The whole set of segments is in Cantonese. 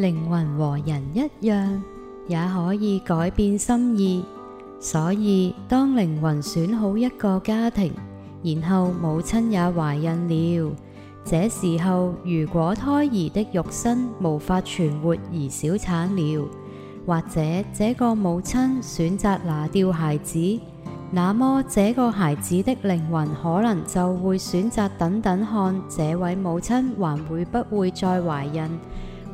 靈魂和人一樣，也可以改變心意。所以，當靈魂選好一個家庭，然後母親也懷孕了，這時候如果胎兒的肉身無法存活而小產了，或者這個母親選擇拿掉孩子，那麼這個孩子的靈魂可能就會選擇等等看，這位母親還會不會再懷孕。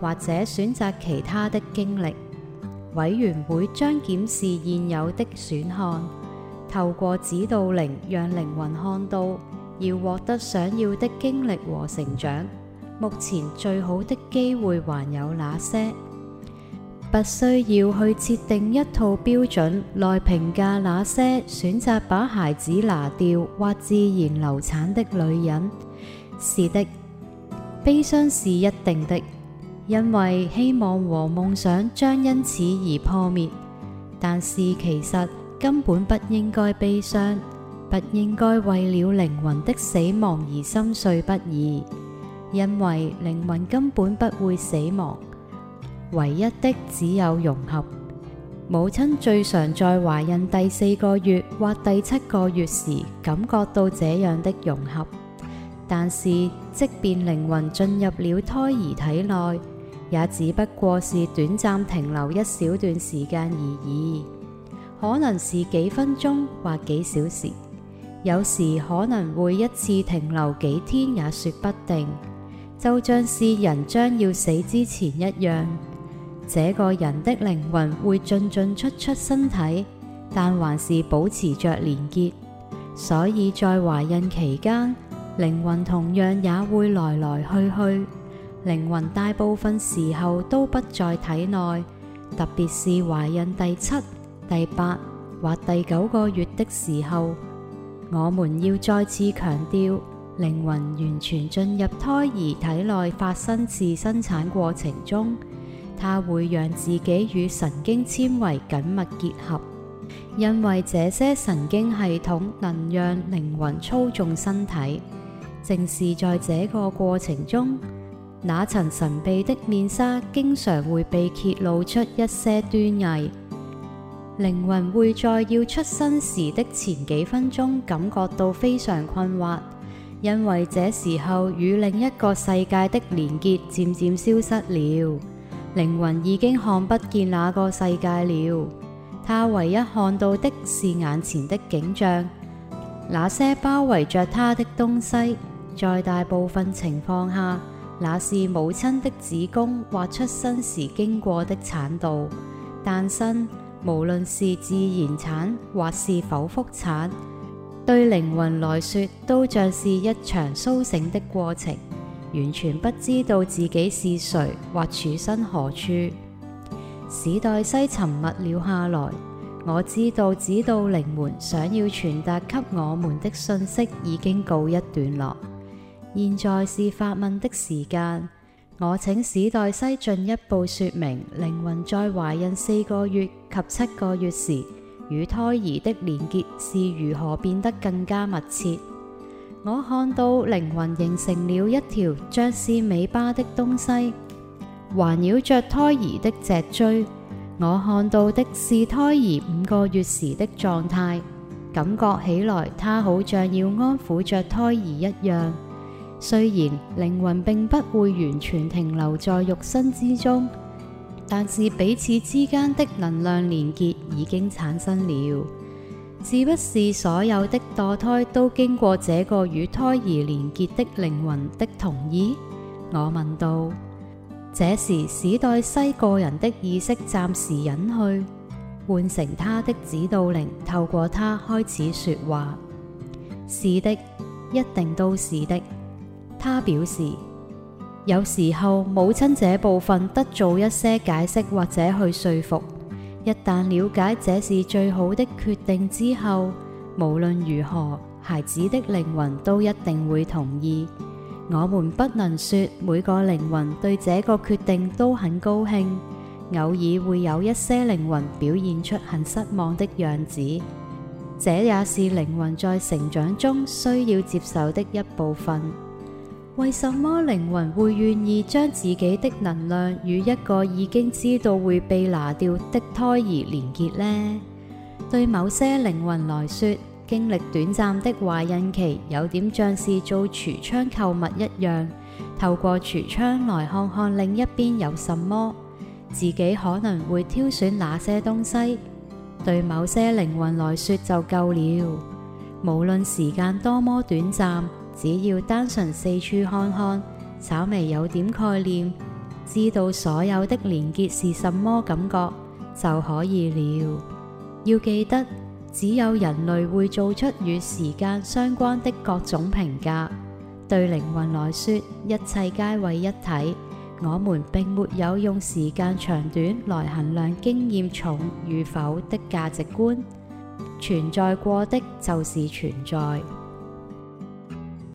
或者選擇其他的經歷，委員會將檢視現有的選項，透過指導靈讓靈魂看到，要獲得想要的經歷和成長，目前最好的機會還有哪些？不需要去設定一套標準來評價那些選擇把孩子拿掉或自然流產的女人。是的，悲傷是一定的。因為希望和夢想將因此而破滅，但是其實根本不應該悲傷，不應該為了靈魂的死亡而心碎不已，因為靈魂根本不會死亡，唯一的只有融合。母親最常在懷孕第四個月或第七個月時感覺到這樣的融合，但是即便靈魂進入了胎兒體內。也只不過是短暫停留一小段時間而已，可能是幾分鐘或幾小時，有時可能會一次停留幾天也說不定。就像是人將要死之前一樣，這個人的靈魂會進進出出身體，但還是保持着連結。所以在懷孕期間，靈魂同樣也會來來去去。靈魂大部分時候都不在體內，特別是懷孕第七、第八或第九個月的時候。我們要再次強調，靈魂完全進入胎兒體內發生自生產過程中，它會讓自己與神經纖維緊密結合，因為這些神經系統能讓靈魂操縱身體。正是在這個過程中。那層神秘的面紗經常會被揭露出一些端倪。靈魂會在要出生時的前幾分鐘感覺到非常困惑，因為這時候與另一個世界的連結漸漸消失了。靈魂已經看不見那個世界了，他唯一看到的是眼前的景象，那些包圍着他的東西，在大部分情況下。那是母親的子宮或出生時經過的產道。誕生，無論是自然產或是剖腹產，對靈魂來說都像是一場甦醒的過程，完全不知道自己是誰或處身何處。史代西沉默了下來，我知道指導靈們想要傳達給我們的信息已經告一段落。現在是發問的時間，我請史黛西進一步說明靈魂在懷孕四個月及七個月時與胎兒的連結是如何變得更加密切。我看到靈魂形成了一條像是尾巴的東西，環繞着胎兒的脊椎。我看到的是胎兒五個月時的狀態，感覺起來它好像要安撫着胎兒一樣。雖然靈魂並不會完全停留在肉身之中，但是彼此之間的能量連結已經產生了。是不是所有的墮胎都經過這個與胎兒連結的靈魂的同意？我問道。這時史黛西個人的意識暫時隱去，換成他的指導靈透過他開始說話。是的，一定都是的。他表示：有時候母親這部分得做一些解釋或者去說服。一旦了解這是最好的決定之後，無論如何，孩子的靈魂都一定會同意。我們不能說每個靈魂對這個決定都很高興，偶爾會有一些靈魂表現出很失望的樣子。這也是靈魂在成長中需要接受的一部分。為什麼靈魂會願意將自己的能量與一個已經知道會被拿掉的胎兒連結呢？對某些靈魂來說，經歷短暫的懷孕期有點像是做櫥窗購物一樣，透過櫥窗來看看另一邊有什麼，自己可能會挑選哪些東西。對某些靈魂來說就夠了，無論時間多麼短暫。只要單純四處看看，稍微有點概念，知道所有的連結是什麼感覺就可以了。要記得，只有人類會做出與時間相關的各種評價。對靈魂來說，一切皆為一體。我們並沒有用時間長短來衡量經驗重與否的價值觀。存在過的就是存在。